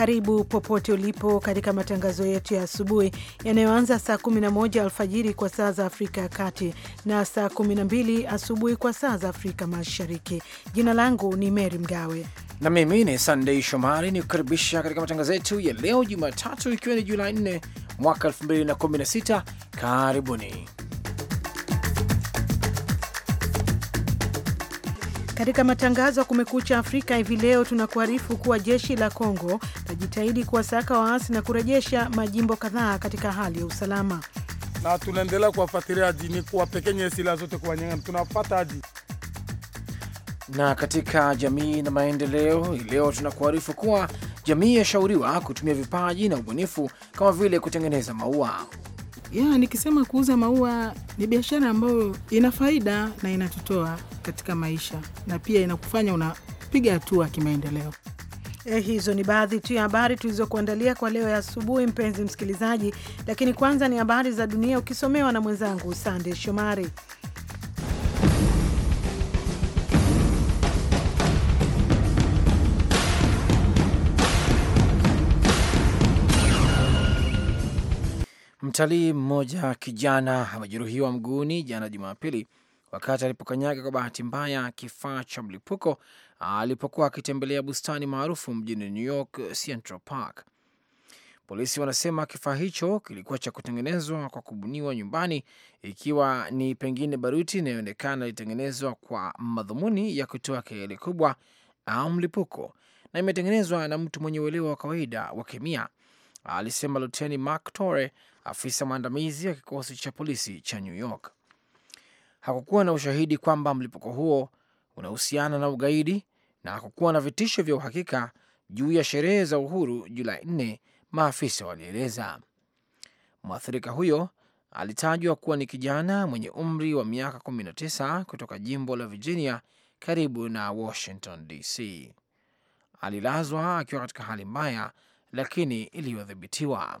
Karibu popote ulipo katika matangazo yetu ya asubuhi yanayoanza saa 11 alfajiri kwa saa za Afrika ya Kati na saa 12 asubuhi kwa saa za Afrika Mashariki. Jina langu ni Mary Mgawe na mimi ni Sandei Shomari ni kukaribisha katika matangazo yetu ya leo Jumatatu, ikiwa ni Julai 4 mwaka 2016. Karibuni. Katika matangazo ya Kumekucha Afrika hivi leo tunakuarifu kuwa jeshi la Kongo linajitahidi kuwasaka waasi na kurejesha majimbo kadhaa katika hali ya usalama, na tunaendelea kuwafuatilia aji ni kuwapekenye silaha zote kuwanyenga, tunafuata aji. na katika jamii na maendeleo hii leo tunakuarifu kuwa jamii yashauriwa kutumia vipaji na ubunifu kama vile kutengeneza maua ya, nikisema kuuza maua ni biashara ambayo ina faida na inatutoa katika maisha na pia inakufanya unapiga hatua kimaendeleo. Eh, hizo ni baadhi tu ya habari tulizokuandalia kwa leo ya asubuhi, mpenzi msikilizaji, lakini kwanza ni habari za dunia ukisomewa na mwenzangu Sande Shomari. Mtalii mmoja kijana amejeruhiwa mguuni jana Jumapili wakati alipokanyaga kwa bahati mbaya kifaa cha mlipuko alipokuwa akitembelea bustani maarufu mjini New York, Central Park. Polisi wanasema kifaa hicho kilikuwa cha kutengenezwa kwa kubuniwa nyumbani, ikiwa ni pengine baruti inayoonekana ilitengenezwa kwa madhumuni ya kutoa kelele kubwa au mlipuko, na imetengenezwa na mtu mwenye uelewa wa kawaida wa kemia, alisema Luteni Mark Tore afisa mwandamizi wa kikosi cha polisi cha New York. Hakukuwa na ushahidi kwamba mlipuko huo unahusiana na ugaidi na hakukuwa na vitisho vya uhakika juu ya sherehe za uhuru Julai nne, maafisa walieleza. Mwathirika huyo alitajwa kuwa ni kijana mwenye umri wa miaka 19 kutoka jimbo la Virginia karibu na Washington DC. Alilazwa akiwa katika hali mbaya lakini iliyodhibitiwa.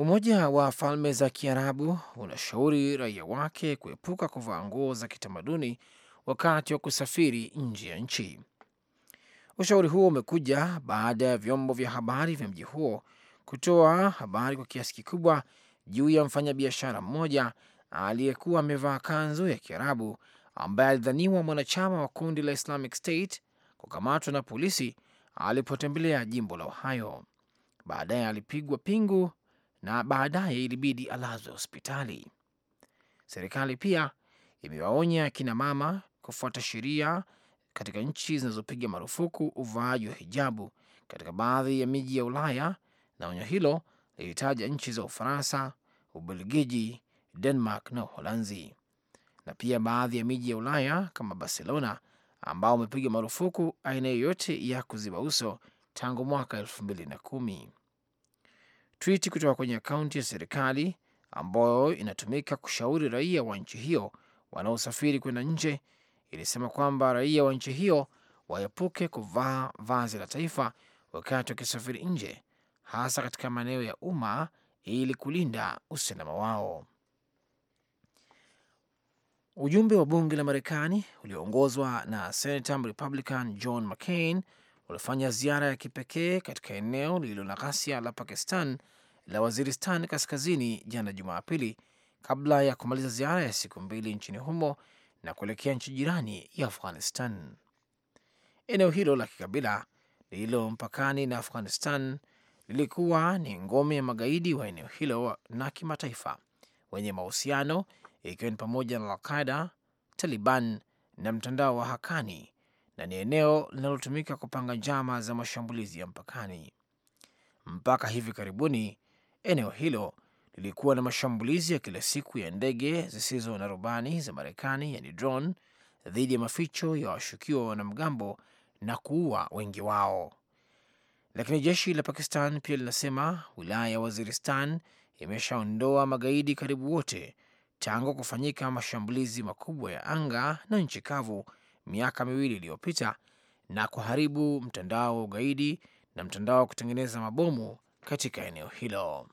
Umoja wa Falme za Kiarabu unashauri raia wake kuepuka kuvaa nguo za kitamaduni wakati wa kusafiri nje ya nchi. Ushauri huo umekuja baada ya vyombo vya habari vya mji huo kutoa habari kwa kiasi kikubwa juu ya mfanyabiashara mmoja aliyekuwa amevaa kanzu ya Kiarabu ambaye alidhaniwa mwanachama wa kundi la Islamic State kukamatwa na polisi alipotembelea jimbo la Ohio. Baadaye alipigwa pingu na baadaye ilibidi alazwe hospitali. Serikali pia imewaonya kina mama kufuata sheria katika nchi zinazopiga marufuku uvaaji wa hijabu katika baadhi ya miji ya Ulaya, na onyo hilo lilitaja nchi za Ufaransa, Ubelgiji, Denmark na Uholanzi, na pia baadhi ya miji ya Ulaya kama Barcelona ambao wamepiga marufuku aina yoyote ya kuziba uso tangu mwaka elfu mbili na kumi twiti kutoka kwenye akaunti ya serikali ambayo inatumika kushauri raia wa nchi hiyo wanaosafiri kwenda nje ilisema kwamba raia wa nchi hiyo waepuke kuvaa vazi la taifa wakati wakisafiri nje, hasa katika maeneo ya umma ili kulinda usalama wao. Ujumbe wa bunge la Marekani ulioongozwa na senata Republican John McCain ulifanya ziara ya kipekee katika eneo lililo na ghasia la Pakistan la Waziristan kaskazini jana Jumapili, kabla ya kumaliza ziara ya siku mbili nchini humo na kuelekea nchi jirani ya Afghanistan. Eneo hilo la kikabila lililo mpakani na Afghanistan lilikuwa ni ngome ya magaidi wa eneo hilo na kimataifa wenye mahusiano, ikiwa ni pamoja na Alqaida, Taliban na mtandao wa Hakani na ni eneo linalotumika kupanga njama za mashambulizi ya mpakani. Mpaka hivi karibuni, eneo hilo lilikuwa na mashambulizi ya kila siku ya ndege zisizo na rubani za Marekani, yani drone, dhidi ya maficho ya washukiwa wanamgambo na kuua wengi wao. Lakini jeshi la Pakistan pia linasema wilaya ya Waziristan imeshaondoa magaidi karibu wote tangu kufanyika mashambulizi makubwa ya anga na nchi kavu miaka miwili iliyopita na kuharibu mtandao wa ugaidi na mtandao wa kutengeneza mabomu katika eneo hilo.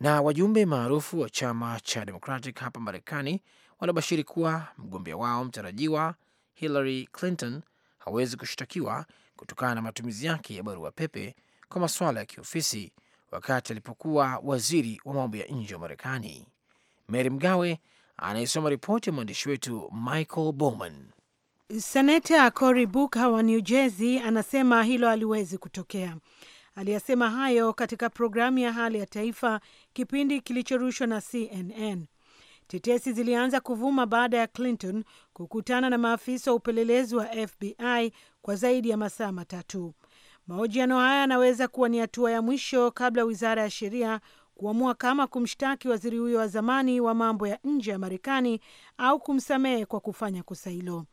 Na wajumbe maarufu wa chama cha Democratic hapa Marekani wanabashiri kuwa mgombea wao mtarajiwa Hillary Clinton hawezi kushtakiwa kutokana na matumizi yake ya barua pepe kwa masuala ya kiofisi wakati alipokuwa waziri wa mambo ya nje wa Marekani. Mary Mgawe anayesoma ripoti ya mwandishi wetu Michael Bowman. Seneta Cory Booker wa New Jersey anasema hilo haliwezi kutokea. Aliyasema hayo katika programu ya hali ya taifa, kipindi kilichorushwa na CNN. Tetesi zilianza kuvuma baada ya Clinton kukutana na maafisa wa upelelezi wa FBI kwa zaidi ya masaa matatu. Mahojiano haya yanaweza kuwa ni hatua ya mwisho kabla wizara ya sheria kuamua kama kumshtaki waziri huyo wa zamani wa mambo ya nje ya Marekani au kumsamehe kwa kufanya kosa hilo.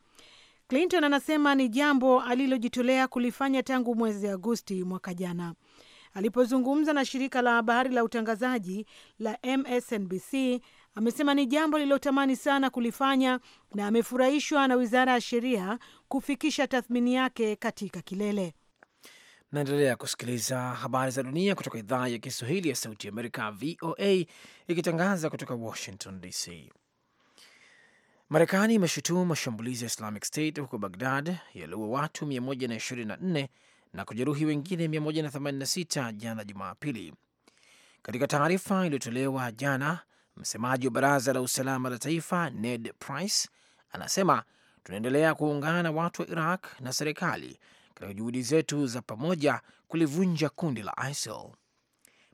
Clinton anasema ni jambo alilojitolea kulifanya tangu mwezi Agosti mwaka jana alipozungumza na shirika la habari la utangazaji la MSNBC. Amesema ni jambo lililotamani sana kulifanya na amefurahishwa na wizara ya sheria kufikisha tathmini yake katika kilele. Naendelea kusikiliza habari za dunia kutoka idhaa ya Kiswahili ya Sauti Amerika, VOA, ikitangaza kutoka Washington DC. Marekani imeshutumu mashambulizi ya Islamic State huko Bagdad yaliua watu 124 na kujeruhi wengine 186 jana Jumapili. Katika taarifa iliyotolewa jana, msemaji wa baraza la usalama la taifa Ned Price anasema tunaendelea kuungana na watu wa Iraq na serikali katika juhudi zetu za pamoja kulivunja kundi la ISIL.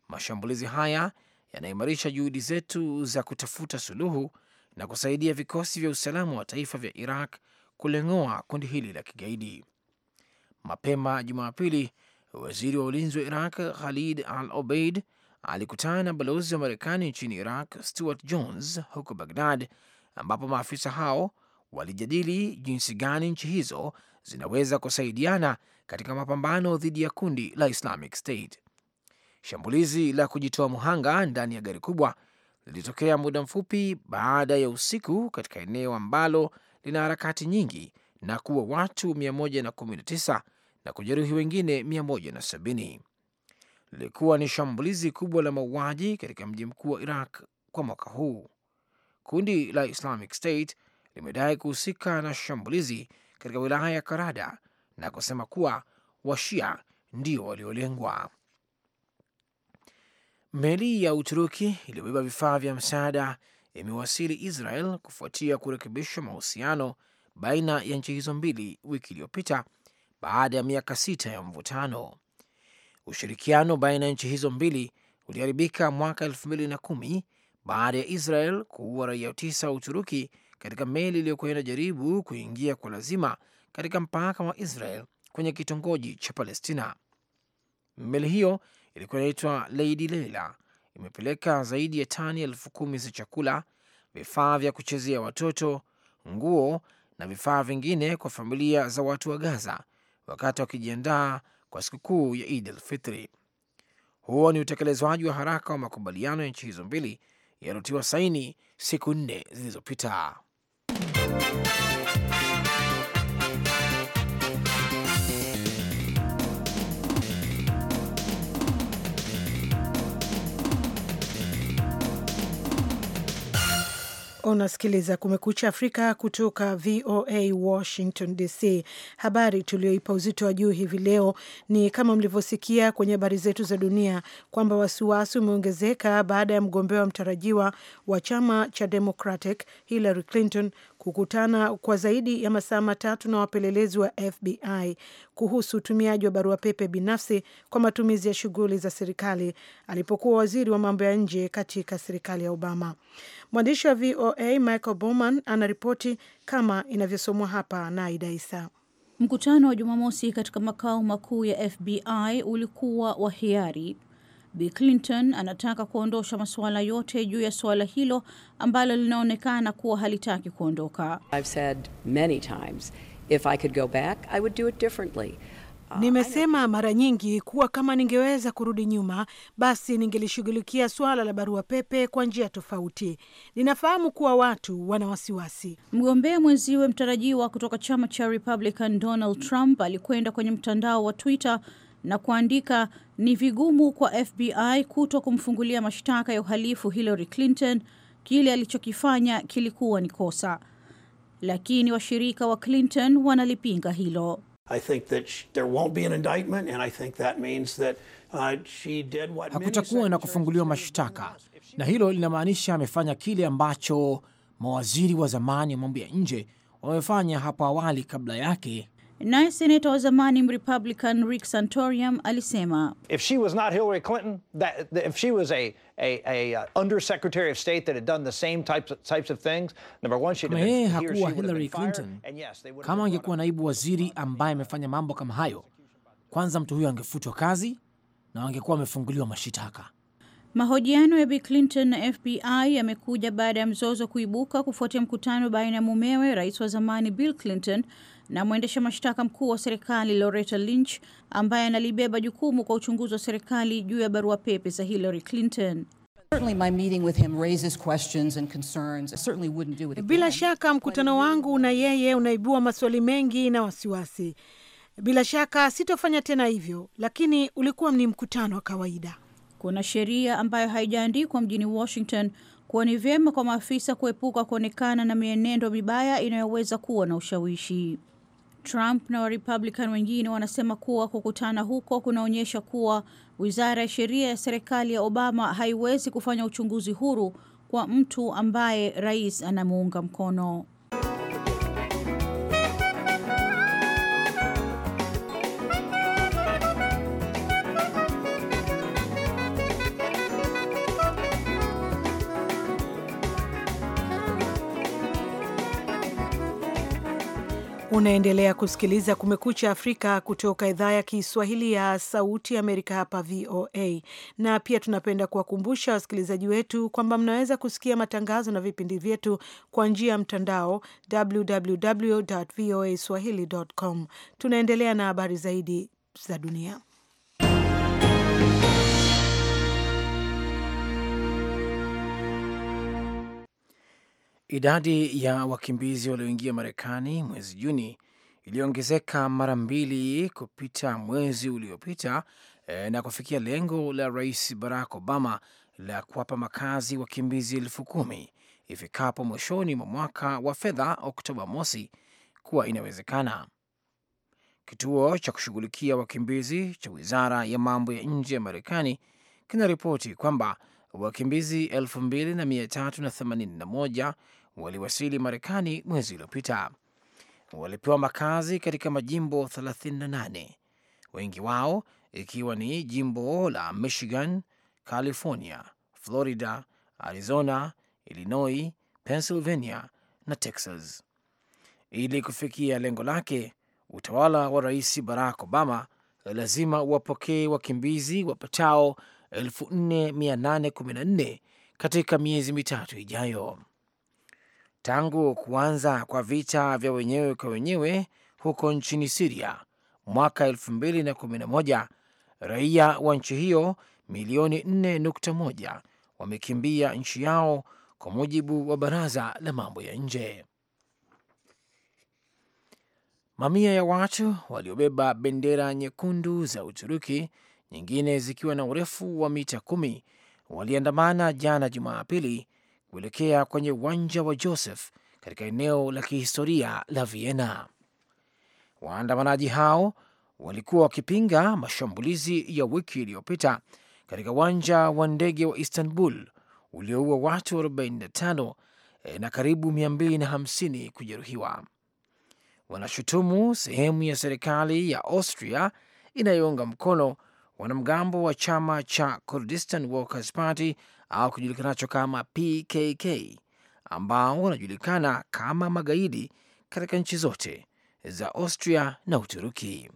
Mashambulizi haya yanaimarisha juhudi zetu za kutafuta suluhu na kusaidia vikosi vya usalama wa taifa vya Iraq kuleng'oa kundi hili la kigaidi. Mapema Jumapili, waziri wa ulinzi wa Iraq Khalid Al Obeid alikutana na balozi wa Marekani nchini Iraq Stuart Jones huko Bagdad, ambapo maafisa hao walijadili jinsi gani nchi hizo zinaweza kusaidiana katika mapambano dhidi ya kundi la Islamic State. Shambulizi la kujitoa muhanga ndani ya gari kubwa lilitokea muda mfupi baada ya usiku katika eneo ambalo lina harakati nyingi na kuwa watu 119 na, na kujeruhi wengine 170. Lilikuwa ni shambulizi kubwa la mauaji katika mji mkuu wa Iraq kwa mwaka huu. Kundi la Islamic State limedai kuhusika na shambulizi katika wilaya ya Karada na kusema kuwa Washia ndio waliolengwa. Meli ya Uturuki iliyobeba vifaa vya msaada imewasili Israel kufuatia kurekebishwa mahusiano baina ya nchi hizo mbili wiki iliyopita baada ya miaka sita ya mvutano. Ushirikiano baina ya nchi hizo mbili uliharibika mwaka elfu mbili na kumi baada ya Israel kuua raia tisa wa Uturuki katika meli iliyokuwa inajaribu kuingia kwa lazima katika mpaka wa Israel kwenye kitongoji cha Palestina. Meli hiyo ilikuwa inaitwa Lady Leila, imepeleka zaidi ya tani elfu kumi za chakula, vifaa vya kuchezea watoto, nguo na vifaa vingine kwa familia za watu wa Gaza wakati wakijiandaa kwa sikukuu ya Id al Fitri. Huo ni utekelezwaji wa haraka wa makubaliano ya nchi hizo mbili yaliyotiwa saini siku nne zilizopita. Unasikiliza Kumekucha Afrika kutoka VOA Washington DC. Habari tuliyoipa uzito wa juu hivi leo ni kama mlivyosikia kwenye habari zetu za dunia kwamba wasiwasi umeongezeka baada ya mgombea wa mtarajiwa wa chama cha Democratic Hillary Clinton kukutana kwa zaidi ya masaa matatu na wapelelezi wa FBI kuhusu utumiaji wa barua pepe binafsi kwa matumizi ya shughuli za serikali alipokuwa waziri wa mambo ya nje katika serikali ya Obama. Mwandishi wa VOA Michael Bowman anaripoti kama inavyosomwa hapa na Aida Isa. Mkutano wa Jumamosi katika makao makuu ya FBI ulikuwa wa hiari Bi Clinton anataka kuondosha masuala yote juu ya suala hilo ambalo linaonekana kuwa halitaki kuondoka. Nimesema mara nyingi kuwa kama ningeweza kurudi nyuma, basi ningelishughulikia suala la barua pepe kwa njia tofauti. Ninafahamu kuwa watu wana wasiwasi. Mgombea mwenziwe mtarajiwa kutoka chama cha Republican Donald Trump alikwenda kwenye mtandao wa Twitter na kuandika ni vigumu kwa FBI kuto kumfungulia mashtaka ya uhalifu Hillary Clinton, kile alichokifanya kilikuwa ni kosa. Lakini washirika wa Clinton wanalipinga hilo. Uh, Hakutakuwa na kufunguliwa mashtaka, na hilo linamaanisha amefanya kile ambacho mawaziri wa zamani wa mambo ya nje wamefanya hapo awali kabla yake Naye seneta wa zamani Mrepublican Rick Santorum alisema if she was not Hillary Clinton, that, if she was a, a, a uh, undersecretary of state that had done the same types of, types of things, number one, she'd have been, hakuwa she Hillary Clinton fired, yes, they would kama angekuwa naibu waziri ambaye amefanya mambo kama hayo, kwanza mtu huyo angefutwa kazi na angekuwa amefunguliwa mashitaka. Mahojiano ya Bill Clinton na FBI yamekuja baada ya mzozo kuibuka kufuatia mkutano baina ya mumewe rais wa zamani Bill Clinton na mwendesha mashtaka mkuu wa serikali Loretta Lynch ambaye analibeba jukumu kwa uchunguzi wa serikali juu ya barua pepe za Hillary Clinton. Bila shaka mkutano wangu na yeye unaibua maswali mengi na wasiwasi. Bila shaka sitofanya tena hivyo, lakini ulikuwa ni mkutano wa kawaida. Kuna sheria ambayo haijaandikwa mjini Washington kuwa ni vyema kwa maafisa kuepuka kuonekana na mienendo mibaya inayoweza kuwa na ushawishi. Trump na Warepublican wengine wanasema kuwa kukutana huko kunaonyesha kuwa wizara ya sheria ya serikali ya Obama haiwezi kufanya uchunguzi huru kwa mtu ambaye rais anamuunga mkono. Unaendelea kusikiliza Kumekucha Afrika kutoka idhaa ya Kiswahili ya Sauti Amerika hapa VOA, na pia tunapenda kuwakumbusha wasikilizaji wetu kwamba mnaweza kusikia matangazo na vipindi vyetu kwa njia ya mtandao www voa swahili com. Tunaendelea na habari zaidi za dunia. Idadi ya wakimbizi walioingia Marekani mwezi Juni iliongezeka mara mbili kupita mwezi uliopita e, na kufikia lengo la Rais Barack Obama la kuwapa makazi wakimbizi elfu kumi ifikapo mwishoni mwa mwaka wa fedha Oktoba mosi kuwa inawezekana. Kituo cha kushughulikia wakimbizi cha Wizara ya Mambo ya Nje ya Marekani kinaripoti kwamba wakimbizi 2381 waliwasili Marekani mwezi uliopita. Walipewa makazi katika majimbo 38, wengi wao ikiwa ni jimbo la Michigan, California, Florida, Arizona, Illinois, Pennsylvania na Texas. Ili kufikia lengo lake, utawala wa Rais Barack Obama lazima wapokee wakimbizi wapatao 4814 katika miezi mitatu ijayo tangu kuanza kwa vita vya wenyewe kwa wenyewe huko nchini Siria mwaka 2011 raia wa nchi hiyo milioni 4.1 wamekimbia nchi yao kwa mujibu wa baraza la mambo ya nje. Mamia ya watu waliobeba bendera nyekundu za Uturuki, nyingine zikiwa na urefu wa mita kumi, waliandamana jana Jumapili kuelekea kwenye uwanja wa Joseph katika eneo la kihistoria la Vienna. Waandamanaji hao walikuwa wakipinga mashambulizi ya wiki iliyopita katika uwanja wa ndege wa Istanbul ulioua watu 45 eh, na karibu 250 kujeruhiwa. Wanashutumu sehemu ya serikali ya Austria inayounga mkono wanamgambo wa chama cha Kurdistan Workers Party au kijulikanacho kama PKK ambao wanajulikana kama magaidi katika nchi zote za Austria na Uturuki.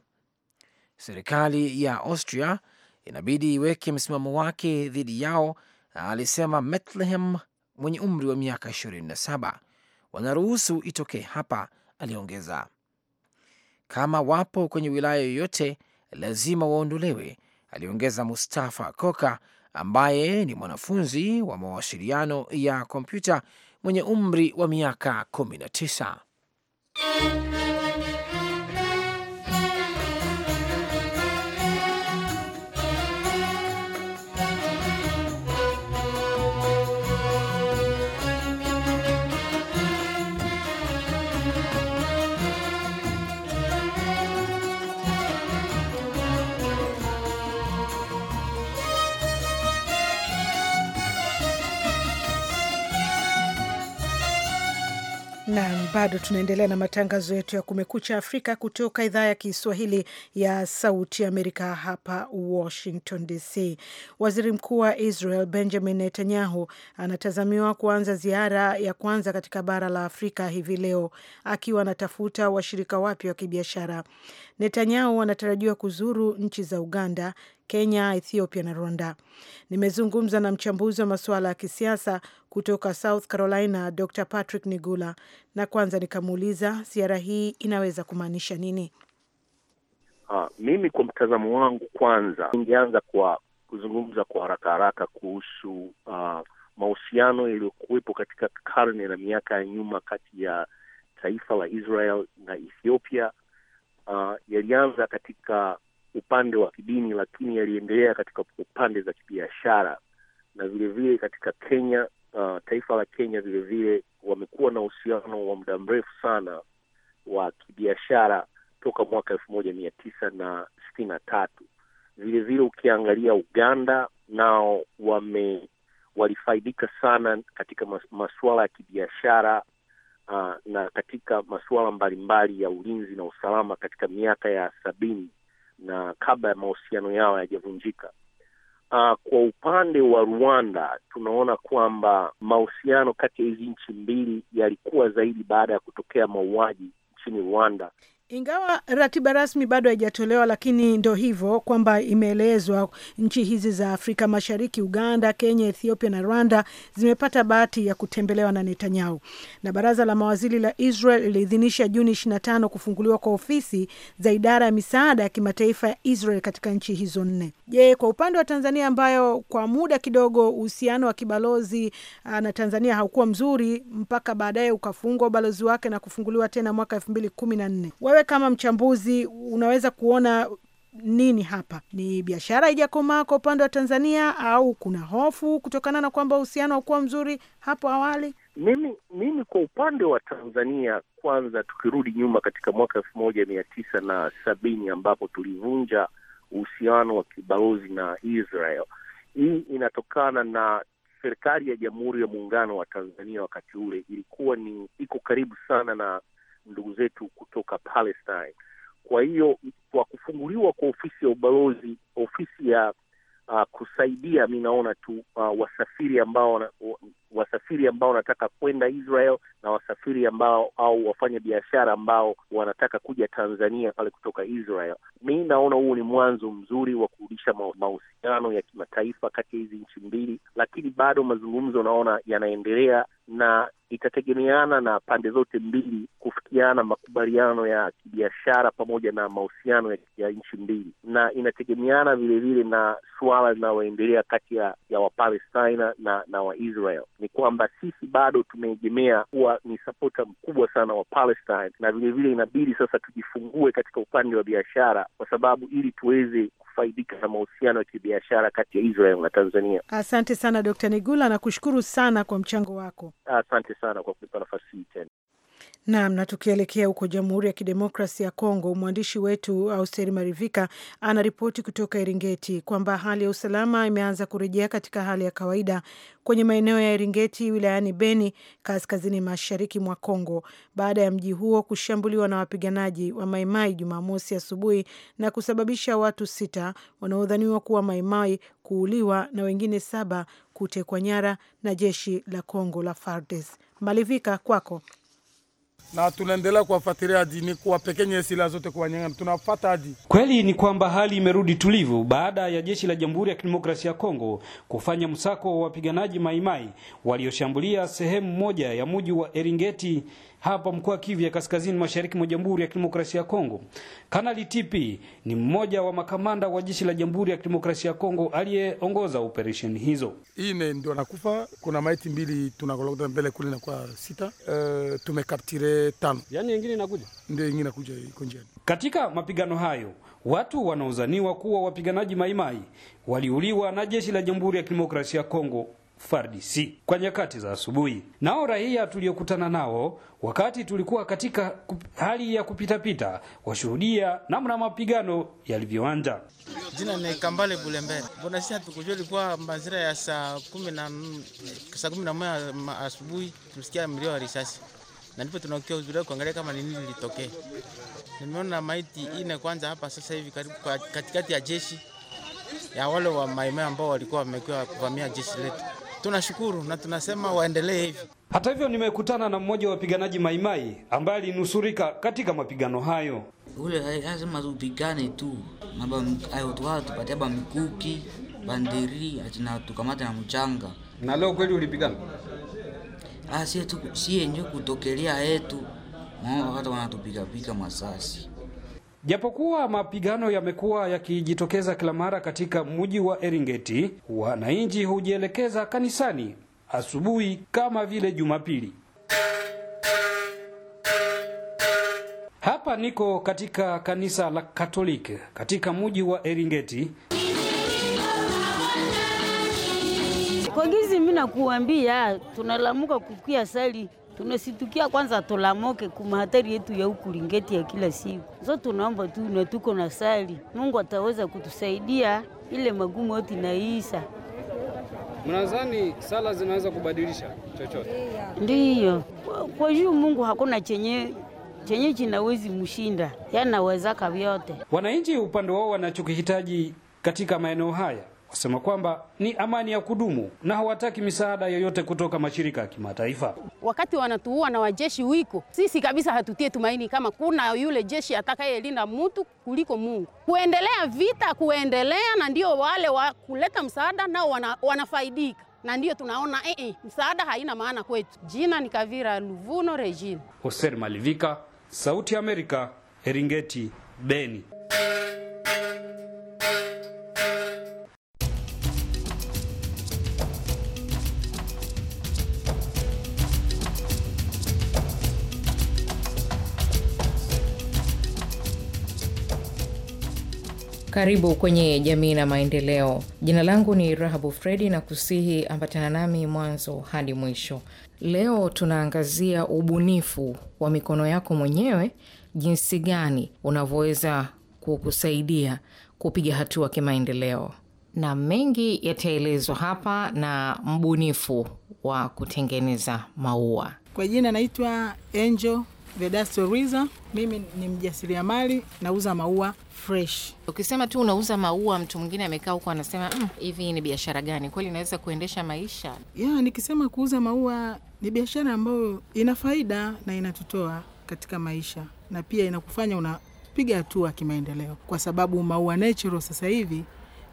Serikali ya Austria inabidi iweke msimamo wake dhidi yao, alisema Metlem mwenye umri wa miaka 27. Wanaruhusu itokee hapa, aliongeza. Kama wapo kwenye wilaya yoyote, lazima waondolewe, aliongeza Mustafa Koka ambaye ni mwanafunzi wa mawasiliano ya kompyuta mwenye umri wa miaka 19. Bado tunaendelea na matangazo yetu ya Kumekucha Afrika kutoka idhaa ya Kiswahili ya Sauti Amerika hapa Washington DC. Waziri Mkuu wa Israel Benjamin Netanyahu anatazamiwa kuanza ziara ya kwanza katika bara la Afrika hivi leo akiwa anatafuta washirika wapya wa kibiashara. Netanyahu anatarajiwa kuzuru nchi za Uganda, Kenya, Ethiopia na Rwanda. Nimezungumza na mchambuzi wa masuala ya kisiasa kutoka South Carolina, Dr Patrick Nigula, na kwanza nikamuuliza ziara hii inaweza kumaanisha nini? Ha, ah, mimi kwa mtazamo wangu, kwanza ningeanza kwa kuzungumza kwa haraka haraka kuhusu uh, mahusiano yaliyokuwepo katika karne na miaka ya nyuma kati ya taifa la Israel na Ethiopia. Uh, yalianza katika upande wa kidini, lakini yaliendelea katika upande za kibiashara na vilevile katika Kenya. Uh, taifa la Kenya vilevile wamekuwa na uhusiano wa muda mrefu sana wa kibiashara toka mwaka elfu moja mia tisa na sitini na tatu. Vilevile ukiangalia Uganda nao wame walifaidika sana katika masuala ya kibiashara uh, na katika masuala mbalimbali ya ulinzi na usalama katika miaka ya sabini na kabla ya mahusiano yao yajavunjika. Uh, ah, kwa upande wa Rwanda tunaona kwamba mahusiano kati ya hizi nchi mbili yalikuwa zaidi baada ya kutokea mauaji nchini Rwanda ingawa ratiba rasmi bado haijatolewa, lakini ndo hivyo kwamba imeelezwa nchi hizi za Afrika Mashariki, Uganda, Kenya, Ethiopia na Rwanda zimepata bahati ya kutembelewa na Netanyahu. Na baraza la mawaziri la Israel liliidhinisha Juni 25 kufunguliwa kwa ofisi za idara ya misaada ya kimataifa ya Israel katika nchi hizo nne. Je, kwa upande wa Tanzania ambayo kwa muda kidogo uhusiano wa kibalozi ah, na Tanzania haukuwa mzuri mpaka baadaye ukafungwa ubalozi wake na kufunguliwa tena mwaka elfu wewe kama mchambuzi unaweza kuona nini hapa? Ni biashara ijakomaa kwa upande wa Tanzania au kuna hofu kutokana na kwamba uhusiano haukuwa mzuri hapo awali? Mimi mimi kwa upande wa Tanzania, kwanza tukirudi nyuma katika mwaka elfu moja mia tisa na sabini ambapo tulivunja uhusiano wa kibalozi na Israel. Hii inatokana na serikali ya Jamhuri ya Muungano wa Tanzania wakati ule ilikuwa ni iko karibu sana na ndugu zetu kutoka Palestine. Kwa hiyo kwa kufunguliwa kwa ofisi ya ubalozi, ofisi ya uh, kusaidia, mi naona tu uh, wasafiri ambao wasafiri ambao wanataka kwenda Israel na wasafiri ambao au wafanya biashara ambao wanataka kuja Tanzania pale kutoka Israel, mi naona huu ni mwanzo mzuri wa kurudisha mahusiano ya kimataifa kati ya hizi nchi mbili, lakini bado mazungumzo naona yanaendelea na itategemeana na pande zote mbili kufikiana makubaliano ya kibiashara pamoja na mahusiano ya nchi mbili, na inategemeana vilevile na suala linaloendelea kati ya, ya Wapalestina na na Waisrael. Ni kwamba sisi bado tumeegemea kuwa ni sapota mkubwa sana wa Palestine, na vilevile inabidi sasa tujifungue katika upande wa biashara, kwa sababu ili tuweze kufaidika na mahusiano ya kibiashara kati ya Israel na Tanzania. Asante sana Dkt. Nigula, nakushukuru sana kwa mchango wako. Asante sana kwa kunipa nafasi hii tena. Naam, na tukielekea huko Jamhuri ya Kidemokrasi ya Kongo, mwandishi wetu Austeri Marivika anaripoti kutoka Eringeti kwamba hali ya usalama imeanza kurejea katika hali ya kawaida kwenye maeneo ya Eringeti wilayani Beni, kaskazini mashariki mwa Kongo, baada ya mji huo kushambuliwa na wapiganaji wa Maimai Jumamosi asubuhi na kusababisha watu sita wanaodhaniwa kuwa Maimai kuuliwa na wengine saba kutekwa nyara na jeshi la Kongo la FARDES. Malivika, kwako na tunaendelea kuwafuatilia hadi ni kuwapekenye silaha zote kuwanyang'a, tunafuata hadi kweli. Ni kwamba hali imerudi tulivu baada ya jeshi la Jamhuri ya Kidemokrasia ya Kongo kufanya msako wa wapiganaji maimai walioshambulia sehemu moja ya mji wa Eringeti hapa mkoa Kivu ya kaskazini mashariki mwa Jamhuri ya Kidemokrasia ya Kongo. Kanali Tipi ni mmoja wa makamanda wa jeshi la Jamhuri ya Kidemokrasia ya Kongo aliyeongoza operesheni hizo. Ine ndio anakufa, kuna maiti mbili tunakologa mbele kule na kwa sita. Uh, tumekaptire tano, yaani nyingine inakuja, ndio nyingine inakuja iko njiani. Katika mapigano hayo watu wanaozaniwa kuwa wapiganaji maimai waliuliwa na jeshi la Jamhuri ya Kidemokrasia ya Kongo FARDC kwa nyakati za asubuhi. Nao raia tuliokutana nao wakati tulikuwa katika hali ya kupitapita, washuhudia namna mapigano yalivyoanza. Jina ni Kambale Bulembere Bona, sisi hatukujua ilikuwa mazira ya saa kumi na saa kumi na moja asubuhi, tulisikia mlio wa risasi na ndipo tunaokia uzuri kuangalia kama ni nini lilitokea. Nimeona maiti ine kwanza hapa sasa hivi karibu katikati ya jeshi ya wale wa maimea ambao walikuwa wamekuwa kuvamia jeshi letu tunashukuru na tunasema waendelee hivyo. Hata hivyo, nimekutana na mmoja wa wapiganaji Maimai ambaye alinusurika katika mapigano hayo. Ule eh, asema tupigane tu mabaayotwaa eh, tupatia ba mikuki banderi atina tukamata na mchanga. Na leo kweli ulipigana? Ah, sie tu sie njo kutokelea yetu, wanatupiga pika masasi Japokuwa mapigano yamekuwa yakijitokeza kila mara katika mji wa Eringeti, wananchi hujielekeza kanisani asubuhi kama vile Jumapili. Hapa niko katika kanisa la Katoliki katika mji wa Eringeti. Kwa gizi mimi nakuambia tunalamuka kukia sali Tunasitukia kwanza tolamoke kumahatari yetu ya ukulingeti ya kila siku. zo tunaomba tu na tuko na sali, Mungu ataweza kutusaidia ile magumu yote naisa mnazani sala zinaweza kubadilisha chochote? Ndiyo, kwa, kwa juu Mungu hakuna chenye chenye chinawezi mshinda, yanawezaka vyote. Wananchi upande wao wanachokihitaji katika maeneo haya asema kwamba ni amani ya kudumu na hawataki misaada yoyote kutoka mashirika ya kimataifa. Wakati wanatuua na wajeshi wiko, sisi kabisa hatutie tumaini kama kuna yule jeshi atakayelinda mtu kuliko Mungu. Kuendelea vita kuendelea, na ndio wale wa kuleta msaada nao wana, wanafaidika na ndio tunaona eh, eh, msaada haina maana kwetu. Jina ni Kavira Luvuno Regine. Hoser Malivika, Sauti ya Amerika, Eringeti, Beni. Karibu kwenye Jamii na Maendeleo. Jina langu ni Rahabu Fredi na kusihi ambatana nami mwanzo hadi mwisho. Leo tunaangazia ubunifu wa mikono yako mwenyewe, jinsi gani unavyoweza kukusaidia kupiga hatua kimaendeleo, na mengi yataelezwa hapa na mbunifu wa kutengeneza maua. Kwa jina naitwa enjo Vedasto Ruiza. Mimi ni mjasiriamali, nauza maua fresh. Ukisema tu unauza maua, mtu mwingine amekaa huko anasema mm, hivi, mm, ni biashara gani kweli inaweza kuendesha maisha ya? Nikisema kuuza maua ni biashara ambayo ina faida na inatutoa katika maisha na pia inakufanya unapiga hatua kimaendeleo, kwa sababu maua natural sasa hivi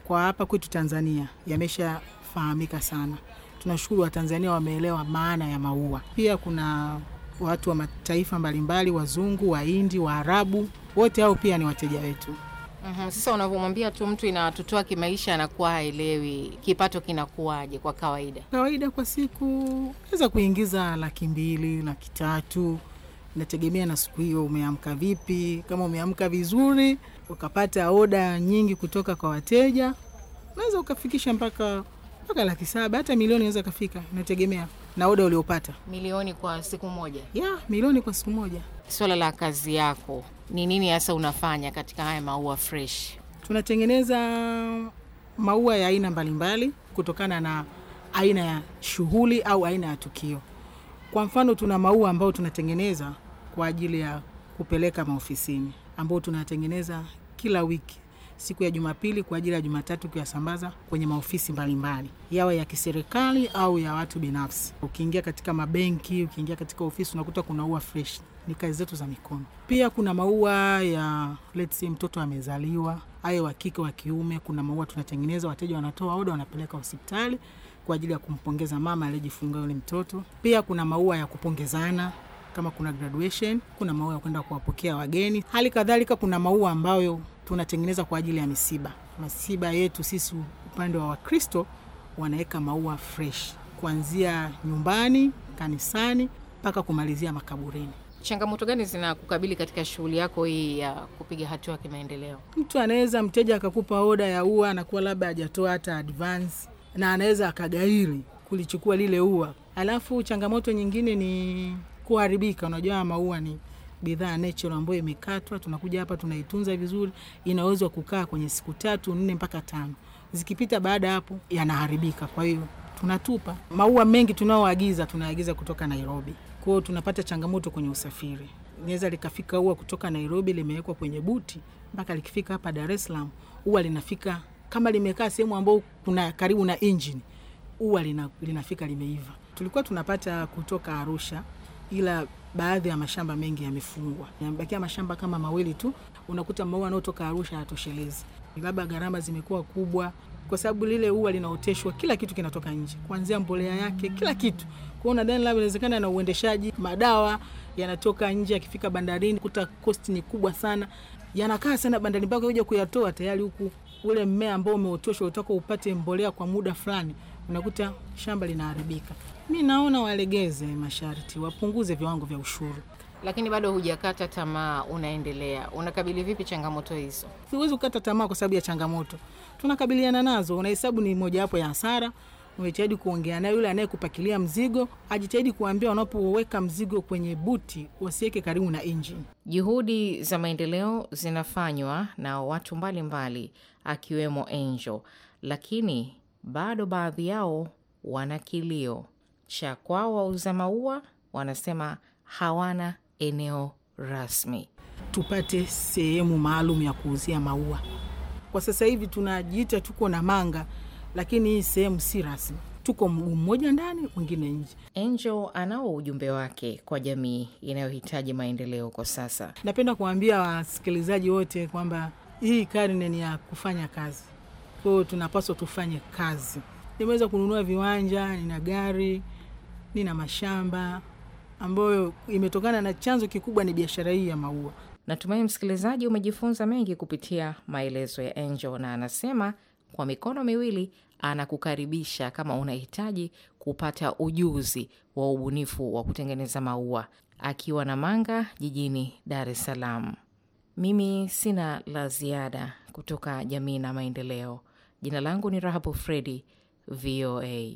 kwa hapa kwetu Tanzania yameshafahamika sana. Tunashukuru Watanzania wameelewa maana ya maua. Pia kuna watu wa mataifa mbalimbali, wazungu, Wahindi, Waarabu, wote hao pia ni wateja wetu. Uhum. Sasa unavyomwambia tu mtu inatutoa kimaisha, anakuwa haelewi kipato kinakuwaje kwa kawaida. Kawaida kwa siku naweza kuingiza laki mbili, laki tatu, nategemea na siku hiyo umeamka vipi. Kama umeamka vizuri ukapata oda nyingi kutoka kwa wateja, unaweza ukafikisha mpaka mpaka laki saba, hata milioni inaweza kafika, nategemea na oda uliopata milioni kwa siku moja ya yeah, milioni kwa siku moja. Swala la kazi yako ni nini hasa unafanya katika haya maua fresh? Tunatengeneza maua ya aina mbalimbali kutokana na aina ya shughuli au aina ya tukio. Kwa mfano, tuna maua ambayo tunatengeneza kwa ajili ya kupeleka maofisini, ambayo tunatengeneza kila wiki siku ya Jumapili kwa ajili ya Jumatatu kuyasambaza kwenye maofisi mbalimbali yawe ya kiserikali au ya watu binafsi. Ukiingia katika mabenki, ukiingia katika ofisi unakuta kuna ua fresh, ni kazi zetu za mikono. Pia kuna maua ya let's say mtoto amezaliwa, aye wa kike wa kiume, kuna maua tunatengeneza, wateja wanatoa oda, wanapeleka hospitali kwa ajili ya kumpongeza mama aliyejifungua yule mtoto. Pia kuna maua ya kupongezana kama kuna graduation, kuna maua ya kwenda kuwapokea wageni. Hali kadhalika kuna maua ambayo tunatengeneza kwa ajili ya misiba. Misiba yetu sisi upande wa Wakristo wanaweka maua fresh kuanzia nyumbani, kanisani mpaka kumalizia makaburini. Changamoto gani zinakukabili katika shughuli yako hii ya kupiga hatua kimaendeleo? Mtu anaweza mteja akakupa oda ya ua, anakuwa labda hajatoa hata advance, na anaweza akagairi kulichukua lile ua. Alafu changamoto nyingine ni kuharibika. Unajua maua ni bidhaa natural ambayo imekatwa, tunakuja hapa tunaitunza vizuri, inaweza kukaa kwenye siku tatu nne mpaka tano. Zikipita baada hapo yanaharibika, kwa hiyo tunatupa. Maua mengi tunaoagiza tunaagiza kutoka Nairobi, kwao tunapata changamoto kwenye usafiri. Inaweza likafika ua kutoka Nairobi limewekwa kwenye buti mpaka likifika hapa Dar es Salaam, ua linafika kama limekaa sehemu ambayo kuna karibu na engine, ua lina, linafika limeiva. Tulikuwa tunapata kutoka Arusha, ila baadhi ya mashamba mengi yamefungwa, yamebakia mashamba kama mawili tu. Unakuta maua yanayotoka Arusha hayatoshelezi, labda gharama zimekuwa kubwa, kwa sababu lile ua linaoteshwa, kila kitu kinatoka nje, kuanzia mbolea yake, kila kitu. Kwa hiyo nadhani labda inawezekana na uendeshaji, madawa yanatoka nje, yakifika bandarini kuta kosti ni kubwa sana, yanakaa sana bandarini mpaka kuja kuyatoa tayari huku ule mmea ambao umeotoshwa utaka upate mbolea kwa muda fulani, unakuta shamba linaharibika. Mi naona walegeze masharti, wapunguze viwango vya ushuru. Lakini bado hujakata tamaa, unaendelea. Unakabili vipi changamoto hizo? Siwezi kukata tamaa kwa sababu ya changamoto tunakabiliana nazo. Unahesabu ni mojawapo ya hasara. Unajitahidi kuongea naye, yule anayekupakilia mzigo ajitahidi kuambia wanapoweka mzigo kwenye buti wasiweke karibu na injini. Juhudi za maendeleo zinafanywa na watu mbalimbali mbali, akiwemo Angel, lakini bado baadhi yao wana kilio cha kwao wauza maua wanasema hawana eneo rasmi. Tupate sehemu maalum ya kuuzia maua. Kwa sasa hivi tunajiita tuko na manga, lakini hii sehemu si rasmi, tuko mguu mmoja ndani, mwingine nje. Angel anao ujumbe wake kwa jamii inayohitaji maendeleo kwa sasa. Napenda kuwaambia wasikilizaji wote kwamba hii karne ni ya kufanya kazi, kwayo tunapaswa tufanye kazi. Nimeweza kununua viwanja, nina gari nina mashamba ambayo imetokana na chanzo kikubwa ni biashara hii ya maua. Natumai msikilizaji umejifunza mengi kupitia maelezo ya Angel, na anasema kwa mikono miwili anakukaribisha kama unahitaji kupata ujuzi wa ubunifu wa kutengeneza maua, akiwa na Manga jijini Dar es Salaam. Mimi sina la ziada kutoka jamii na maendeleo. Jina langu ni Rahabu Fredi, VOA.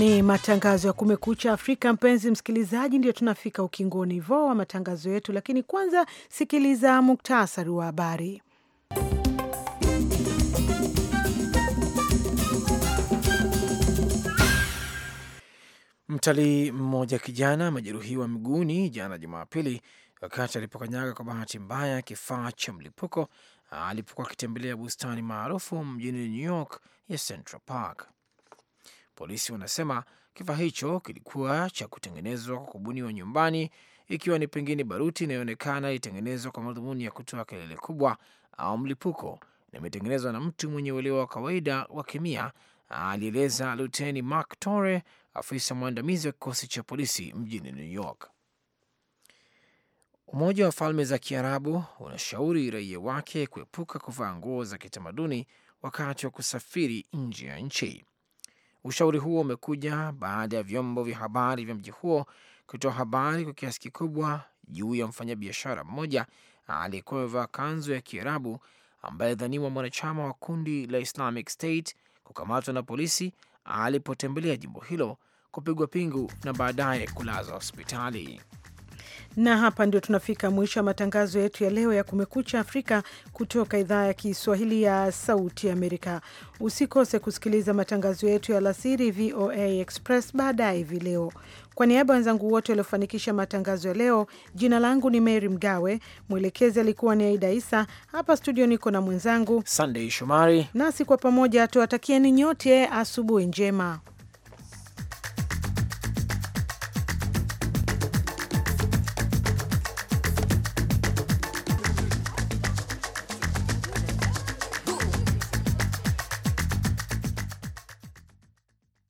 Ni matangazo ya Kumekucha Afrika. Mpenzi msikilizaji, ndio tunafika ukingoni vo wa matangazo yetu, lakini kwanza sikiliza muktasari wa habari. Mtalii mmoja kijana amejeruhiwa mguuni jana Jumapili wakati alipokanyaga kwa bahati mbaya kifaa cha mlipuko alipokuwa akitembelea bustani maarufu mjini New York ya Central Park. Polisi wanasema kifaa hicho kilikuwa cha kutengenezwa kwa kubuniwa nyumbani, ikiwa ni pengine baruti inayoonekana ilitengenezwa kwa madhumuni ya kutoa kelele kubwa au mlipuko, na imetengenezwa na mtu mwenye uelewa wa kawaida wa kemia, alieleza Luteni Mark Tore, afisa mwandamizi wa kikosi cha polisi mjini New York. Umoja wa Falme za Kiarabu unashauri raia wake kuepuka kuvaa nguo za kitamaduni wakati wa kusafiri nje ya nchi. Ushauri huo umekuja baada ya vyombo vya habari vya mji huo kutoa habari kwa kiasi kikubwa juu ya mfanyabiashara mmoja aliyekuwa amevaa kanzu ya Kiarabu ambaye dhaniwa mwanachama wa kundi la Islamic State kukamatwa na polisi alipotembelea jimbo hilo kupigwa pingu na baadaye kulazwa hospitali. Na hapa ndio tunafika mwisho wa matangazo yetu ya leo ya Kumekucha Afrika kutoka idhaa ya Kiswahili ya Sauti Amerika. Usikose kusikiliza matangazo yetu ya alasiri, VOA Express, baadaye hivi leo. Kwa niaba ya wenzangu wote waliofanikisha matangazo ya leo, jina langu ni Mary Mgawe, mwelekezi alikuwa ni Aida Isa. Hapa studio niko na mwenzangu Sandey Shomari, nasi kwa pamoja tuwatakieni nyote asubuhi njema.